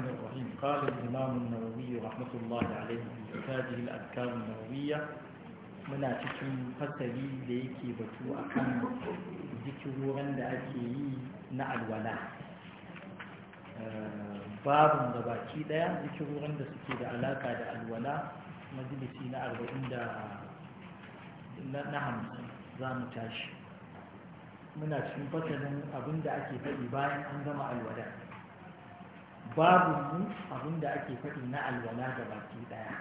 الرحمن الرحيم قال الإمام النووي رحمة الله عليه في كتابه الأذكار النووية muna cikin fasari da yake batu a kan zikirorin da ake yi na alwala eh, babin da baki daya zikirorin da suke da alaka da alwala majalisi na arba'in da na hamsin za mu tashi muna cikin fasalin abin da ake faɗi bayan an zama alwala babu mu abin da ake faɗi na alwala da baki ɗaya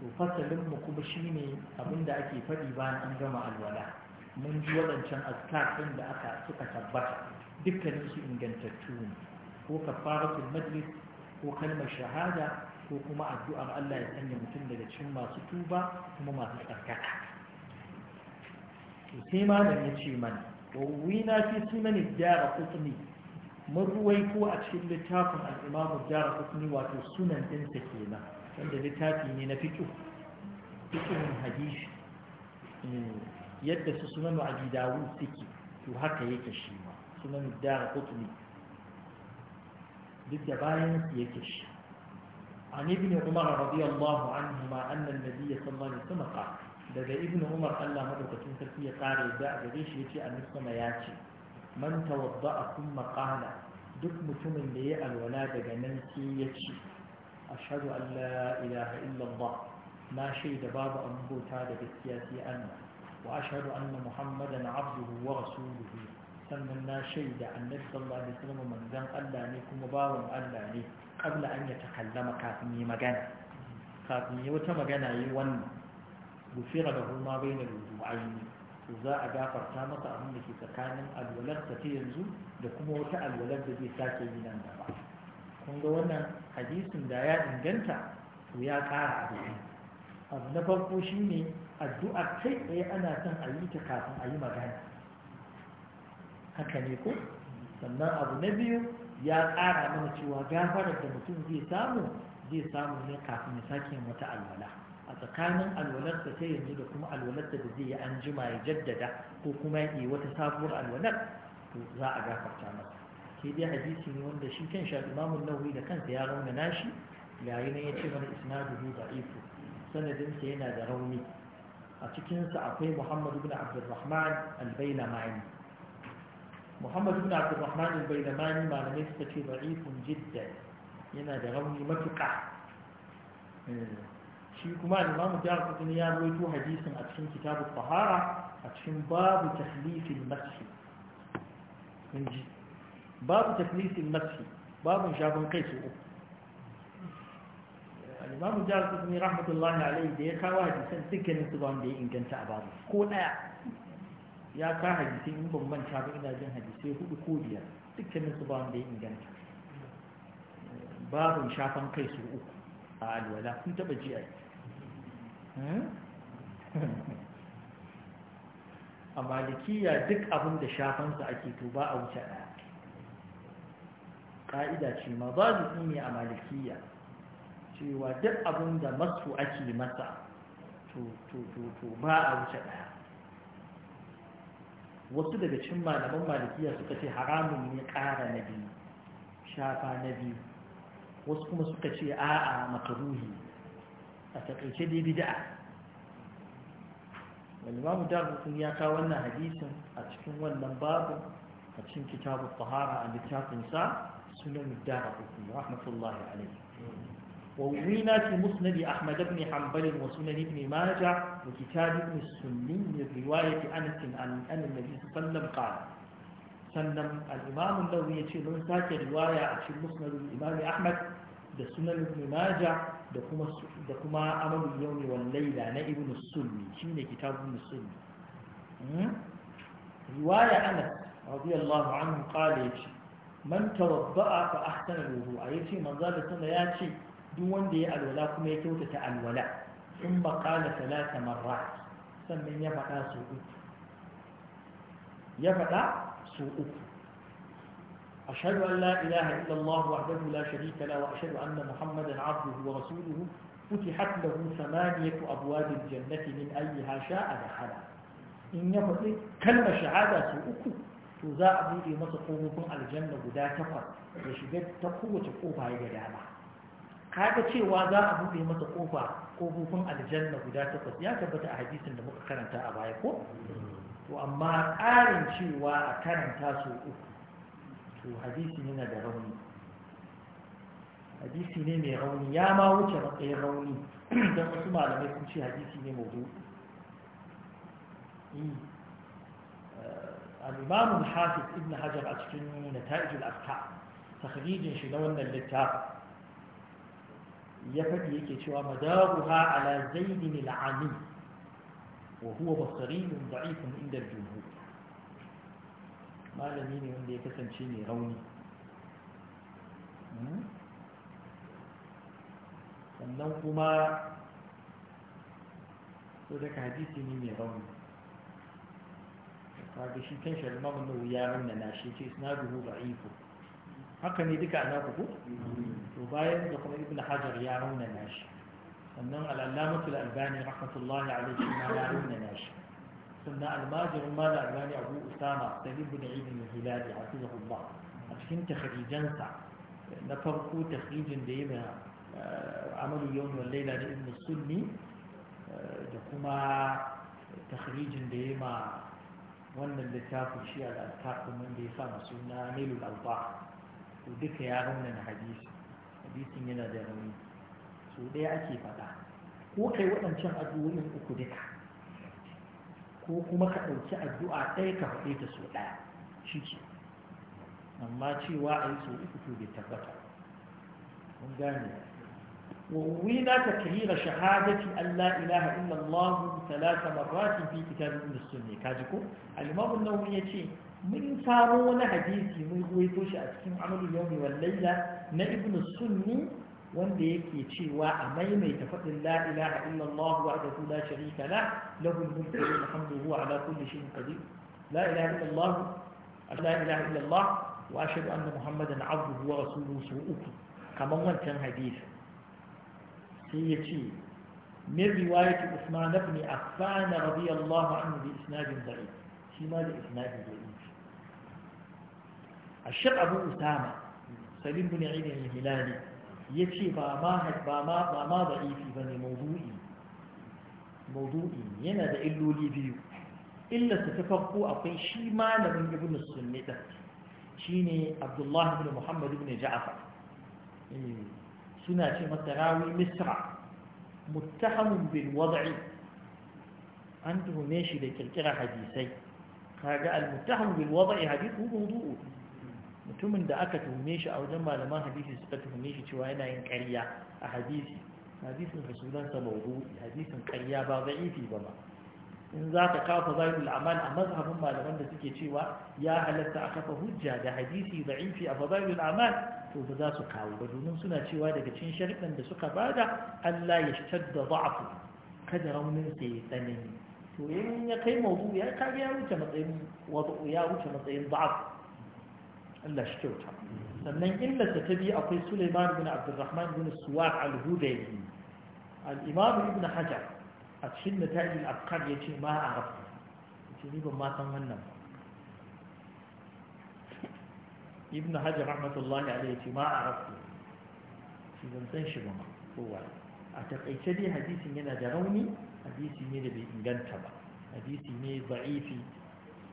to fasalin mu kuma shi ne abin da ake faɗi bayan an gama alwala mun ji waɗancan azkar ɗin da aka suka tabbata dukkanin su ingantattu ne ko kafaratul majlis ko kalmar shahada ko kuma addu'ar Allah ya sanya mutum daga cikin masu tuba kuma masu tsarkaka to sai malam ya ce mana wa wina fi sunan gyara qutni ko a cikin littafin al'imamu jara kusni wato sunan ɗinsa kenan wanda littafi ne na fiƙo fiƙin hadishi. Eh, yadda su sunan abi dawud suke to haka yake shi ma sunan jara kusni duk da bayan yake shi عن ابن عمر رضي الله عنهما أن النبي صلى الله عليه وسلم قال daga ibn umar allah madaukakin sarki ya kare da a gare shi yace annabi sama ya ce man tawadda'a thumma qala duk mutumin da ya alwala daga nan sai ya ce Ashadu an la ilaha illallah na shaida babu abin bauta da gaskiya sai Allah wa ashadu anna muhammadan abduhu wa rasuluhu sannan na shaida annabi sallallahu alaihi wasallam manzon Allah ne kuma bawan Allah ne kabla an ya takallama kafin yi magana kafin ya wata magana yi wannan gufira da ma bainal wudu'aini to za a gafarta masa abin da ke tsakanin alwalar ta yanzu da kuma wata alwalar da zai sake yi nan gaba kun ga wannan hadisin da ya inganta to ya ƙara abin abu na farko shi ne, addu'a kai tsaye ana son a yi ta kafin a yi magana haka ne ko sannan abu na biyu ya ƙara mana cewa gafarar da mutum zai samu zai samu ne kafin ya sake wata alwala a tsakanin alwalarsa ta yanzu da kuma alwalarsa da zai yi an jima ya jaddada ko kuma ya yi wata sabuwar alwalar to za a gafarta masa Ke dai hadisi ne wanda shi kan shafi imamun nauyi da kansa ya rauna nashi yayin ya ce mana isnaduhu da'ifu sanadinsa yana da rauni a cikinsa akwai muhammad ibn abdurrahman al-bailamani muhammad ibn abdurrahman al-bailamani malamai suka ce ifun jiddan yana da rauni matuƙa eh. shi kuma al-imamu jihar kutuni ya rawaito hadisin a cikin kitabu fahara a cikin babu taklifin mashi kun ji babu taklifin mashi babun shafin kai su uku al-imamu jihar kutuni rahmatullahi alaihi da ya kawo hadisan dukkanin su ba wanda ya inganta a babu ko daya ya ka hadisai in ban manta ba ina jin hadisai hudu ko biyar dukkanin su ba wanda ya inganta babun shafan kai su uku a alwala kun taba ji a yi a malikiya duk abin da shafansa ake to ba a wuce ɗaya ƙa'ida ce ma ba su ne a malikiya cewa duk abin da masu ake masa to ba a wuce ɗaya wasu daga cin malaman malikiya suka ce haramun ne ƙara na biyu shafa na biyu wasu kuma suka ce a'a makaruhi a takaice dai bida'a walimamu darbukun ya kawo wannan hadisin a cikin wannan babu a cikin kitabu Buhara a littafinsa sunan darbukun rahmatullahi alaihi wawuri na ce musnadi ahmad ibn hanbalin wa sunan ibn maja da kitabu ibn sunni ne riwaya ta anakin annabi nabi sallam kala sannan al'imamun lauri ya ce don sake riwaya a cikin musnadi ahmad da sunan ibn da kuma da kuma amalul na ibn sulmi shine kitabun sulmi hmm? riwaya anas radiyallahu anhu qala yace man a fa ahsana wudu ayace manzo da sunna ce, duk wanda ya alwala kuma ya kyautata alwala in ba qala thalatha marrat sannan ya faɗa su uku ya faɗa su uku أشهد أن لا إله إلا الله وحده لا شريك له وأشهد أن محمدا عبده ورسوله فتحت له ثمانية أبواب الجنة من أيها شاء دخلها إن يفضل كلمة شهادة سوءكم تزاع بيدي مصقومكم على الجنة قدا تفر يشجد تقوة قوفا يجدعنا kaga cewa za a buɗe masa ƙofa ƙofofin aljanna guda takwas ya tabbata a hadisin da muka karanta a baya ko to amma ƙarin cewa a karanta su uku to hadisi yana da rauni hadisi ne mai rauni ya ma wuce matsayin rauni don wasu malamai sun ce hadisi ne maudu eh, al-imam hafiz ibn hajar a cikin nata'ij al-afka shi na wannan littafi ya faɗi yake cewa madaruha ala zaidin al-ami wa huwa basariyun da'ifun inda al-jumhur malami ne wanda ya kasance mai rauni sannan kuma so daga hadisi ne mai rauni kaga shi kan shari'a mamun ya rauna na shi ce suna duhu ba iko haka ne duka ana kuku to bayan da kuma ibn hajar ya rauna na shi sannan al'allamatul albani rahmatullahi alaihi ma ya rauna na shi sannan almajirin ma da albani abu usama da ibn ibn hilali a Allah a cikin takharijansa na farko takharijin da yana eh, amalu yawon Layla da ibn sunni eh, da kuma takharijin da yana wannan littafin shi al'alkafin wanda ya sa suna al alba to duka ya na hadisi hadisin yana da rauni so ɗaya ake faɗa ko kai waɗancan addu'o'in uku duka ko kuma ka ɗauki addu'a ɗaya ka faɗe ta so ɗaya shi ce amma cewa a yi so bai tabbata kun gane wa wina ka kai ra shahadati Allah ilaha illa Allah talata marratin fi kitabin da sunne kaji ko al-imamu nawawi yace mun faro wani hadisi mun ruwaito shi a cikin amalu yawmi wal na ibnu sunni wanda yake cewa a maimaita faɗin la ilaha illallah wa da la sharika la lahu mulku wa alhamdu huwa ala kulli shay'in qadir la ilaha illallah la ilaha illallah wa ashhadu anna muhammadan abduhu wa rasuluhu su uku kaman wancan hadisi sai ya ce min riwayati usman ibn affan radiyallahu anhu bi isnadin da'if shi ma da isnadin da'if الشيخ أبو أسامة سليم بن عيد الهلالي يتي باما هد باما باما ضعيفي بني موضوعي موضوعي ينا دا إلو لي بيو إلا تتفقوا أقين شي ما لبن ابن السنة شيني عبد الله بن محمد بن جعفر سنة شيما تراوي مصر متهم بالوضع عنده ماشي لكي الكرة حديثي هذا المتهم بالوضع حديث هو موضوعه mutumin da aka tuhume shi a wajen malaman hadisi suka tuhume shi cewa yana yin ƙarya a hadisi hadisin ka sunansa hadisin ƙarya ba za'ifi ba ba in za ka kafa zahirul amal a mazhabin malaman da suke cewa ya halatta a kafa hujja da hadisi za'ifi a fadailul amal to ba za su kawo ba domin suna cewa daga cikin sharɗin da suka bada Allah ya shadda da'afu kada raunin sa ya tsanani to in ya kai mawdu ya kage ya wuce matsayin wadu ya wuce matsayin da'af Allah shi kyauta sannan illata ta biyu akwai Suleiman bin Abdurrahman bin Suwa al-Hudayli al-Imam Ibn Hajar a cikin Nataj al-Afkar yace ma a rafu yace ni ban ma san wannan Ibn Hajar rahmatullahi alayhi yace ma a rafu shi ban san shi ba kowa a takaice dai hadisin yana da rauni hadisi ne da bai inganta ba hadisi ne za'ifi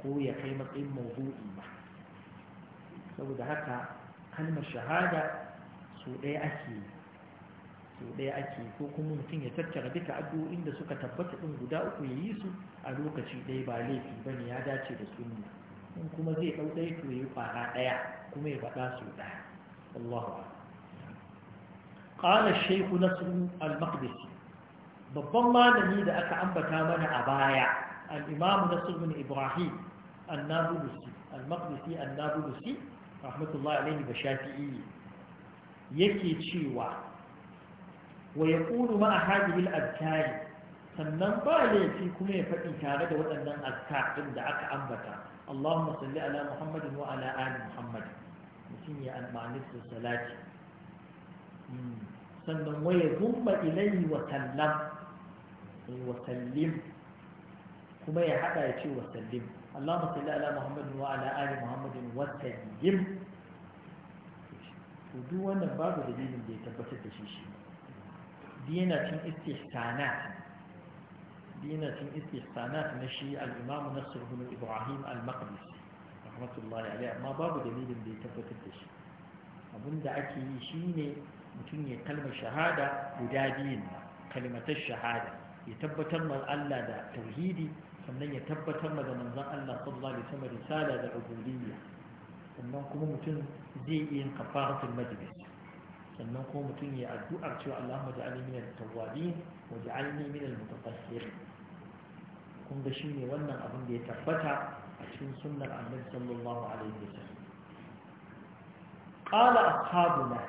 ko ya kai matsayin mawdu'i ba saboda haka kalmar shahada su ɗaya ake yi ɗaya ake ko kuma mutum ya tattara duka addu'o'in da suka tabbata ɗin guda uku ya yi su a lokaci ɗaya ba laifi ba ne ya dace da sunna in kuma zai ɗau ɗaya to ya yi ƙwara ɗaya kuma ya faɗa su ɗaya Allahu qala shaykh nasr al-maqdisi babban malami da aka ambata mana a baya al-imam nasr ibrahim an-nabulusi al-maqdisi an-nabulusi rahmatullahi alaihi da shafi'i yake cewa wa yaqulu ma hadhihi al-adkari sannan ba laifi kuma ya faɗi tare da waɗannan azkar ɗin da aka ambata Allahumma salli ala Muhammadin wa ala ali Muhammad mutum ya amfani da salati hmm. sannan waya zumma ilayhi wa sallam wa sallim kuma ya haɗa ya ce wa sallim اللهم صل على محمد وعلى آل محمد وسلم to duk wannan babu dalilin da ya tabbatar da shi dina cin istihsanat na shi al-imam Ibrahim al-Maqdisi rahmatullahi alaihi amma babu dalilin da ya tabbatar da shi abinda ake yi shine mutum ya kalmar shahada guda biyun kalmatar shahada ya tabbatar ma Allah da tauhidi sannan ya tabbatar da manzon Allah sallallahu alaihi wasallam risala da ubudiyya sannan kuma mutum zai iya yin kafaratul majlis sannan kuma mutum ya addu'ar cewa Allahumma ja'alni min at-tawwabin wa ja'alni min al-mutatahhirin kun ga shine wannan abin da ya tabbata a cikin sunnar Annabi sallallahu alaihi wasallam qala ashabuna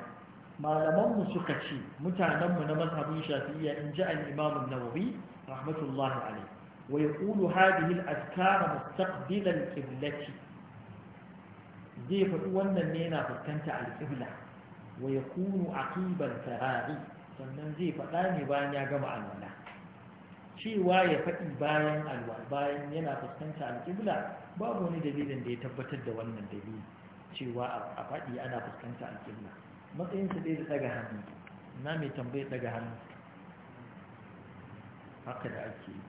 malamanmu suka ce mutanenmu na mazhabin shafi'iyya in ji al-imam an-nawawi rahmatullahi alayh kulu ويقول هذه الأذكار مستقبل القبلة زي فتوانا نينا فتنت على القبلة ويكون عقيب الفراغ sannan zai faɗa ne bayan ya gama alwala cewa ya faɗi bayan alwala bayan yana fuskanta alƙibla babu wani dalilin da ya tabbatar da wannan dalili cewa a faɗi ana fuskanta alƙibla matsayinsa dai da ɗaga hannu na mai tambayar ɗaga hannu haka da ake yi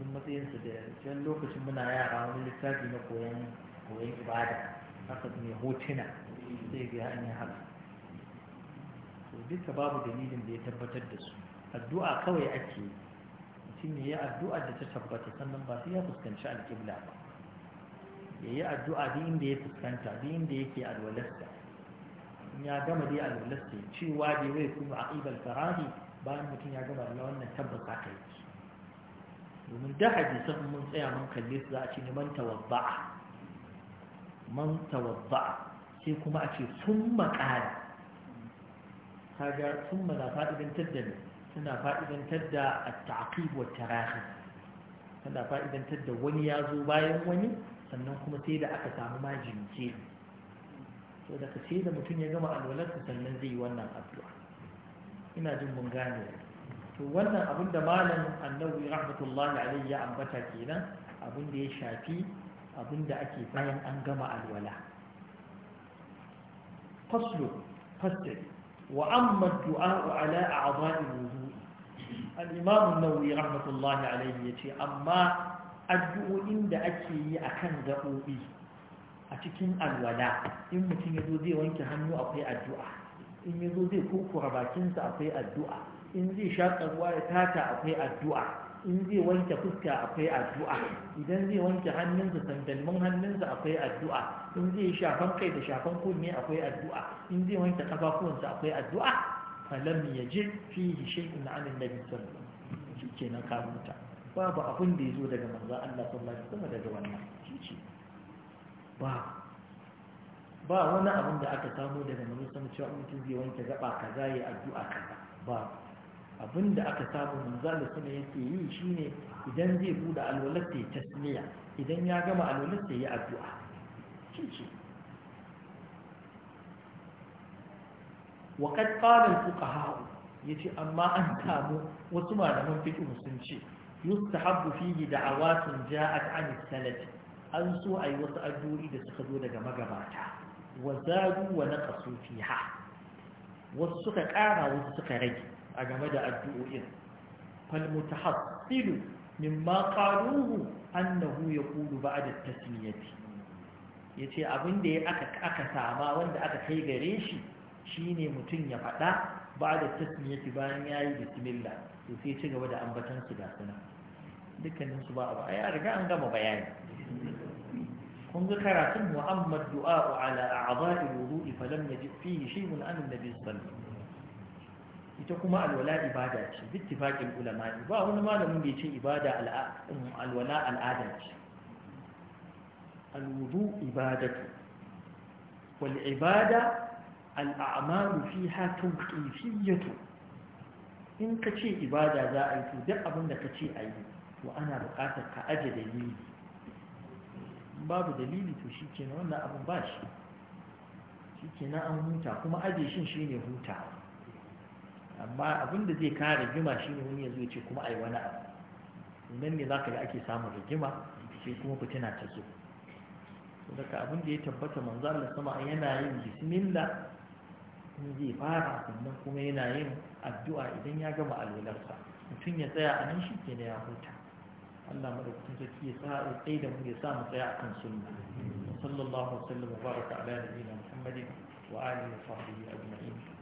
duk matsayinsa da can lokacin muna yara wani littafi na koyon koyon ibada haka mai hotuna zai ga an yi haka to duka babu dalilin da ya tabbatar da su addu'a kawai ake mutum ya yi addu'a da ta tabbata sannan ba sai ya fuskanci alƙibla ba ya yi addu'a duk inda ya fuskanta duk inda yake In ya gama dai alwalarsa cewa dai wai kuma ibal farahi bayan mutum ya gama da wannan tabbata yi domin da hadisan mun tsaya mun kalle su za a ce ne man tawabba'a man tawabba'a sai kuma a ce sun maƙara kaga sun mana fa'idantar da ne suna fa'idantar da a taƙib wa tarahi suna fa'idantar da wani ya zo bayan wani sannan kuma sai da aka samu majince so daga sai da mutum ya gama alwalarsa sannan zai yi wannan addu'a ina jin mun gane to wannan abin da malam annabi rahmatullahi alaihi ya ambata kenan abin da ya shafi abin da ake bayan an gama alwala faslu fasl wa amma du'a ala a'dha'i wudu'i al-imam an-nawawi rahmatullahi alaihi yace amma addu'o'in da ake yi akan gabobi a cikin alwala in mutum ya zo zai wanke hannu akwai addu'a in ya zo zai kurkura bakinsa akwai addu'a in zai shaƙa ruwa ya tata akwai addu'a in zai wanke fuska akwai addu'a idan zai wanke hannunsa sandalman hannunsa akwai addu'a in zai shafan kai da shafan kunne akwai addu'a in zai wanke ƙafafuwansa akwai addu'a falam yajid fihi shay'un 'an annabi sallallahu alaihi wasallam kenan na huta babu abin da ya zo daga manzo Allah sallallahu alaihi wasallam daga wannan shi ba ba wani abin da aka samu daga manzo sallallahu alaihi wasallam cewa mutum zai wanke gaba kaza yayi addu'a kaza ba da aka samu manzala suna yake yi shine idan zai buɗe alwalar ta yi tasmiya idan ya gama alwalar ta yi addu'a shi wa kad qala al-fuqaha yace amma an samu wasu malaman fiqh sun ce da a da'awatun ja'at an salati an so ayi wasu addu'o'i da suka zo daga magabata wa zadu wa naqasu fiha wasu suka ƙara wasu suka rage a game da addu'o'in fal mutahassilu mimma qaluhu annahu ya kudu ba tasmiyati yace abin da aka aka sama wanda aka kai gare shi shine mutum ya faɗa ba at bayan yayi bismillah to sai ci gaba da ambatan su da sunan dukkanin su ba a ai an riga an gama bayani kun ga karatun muhammad du'a ala a'dha'i wudu'i falam yajid fihi shay'un an nabi sallallahu alaihi wasallam ita kuma alwala ibada ce bittifaqin ulama ba wani malamin da yace ce ibada um, alwala al'ada ce alwudu ibadatu wal ibada al'amalu fiha tawqifiyatu in ka ce ibada za a yi to duk abin da ka ce a yi to ana buƙatar ka aje dalili babu dalili to shi wannan abin ba shi shi an huta kuma aje shin shi ne hutawa amma abin da zai kare rigima shi ne wani ya ce kuma ai wani abu nan ne za ka ga ake samun rigima sai kuma fitina ta ku. daga abin da ya tabbata manzo Allah sama yana yin bismillah in zai fara sannan kuma yana yin addu'a idan ya gama alwalarsa mutum ya tsaya a nan shi ke na ya huta Allah madaukakin sarki ya sa ya tsaye da mu ya sa mu tsaya kan sunna sallallahu alaihi wa sallam baraka ala nabiyina muhammadin wa alihi wa sahbihi ajma'in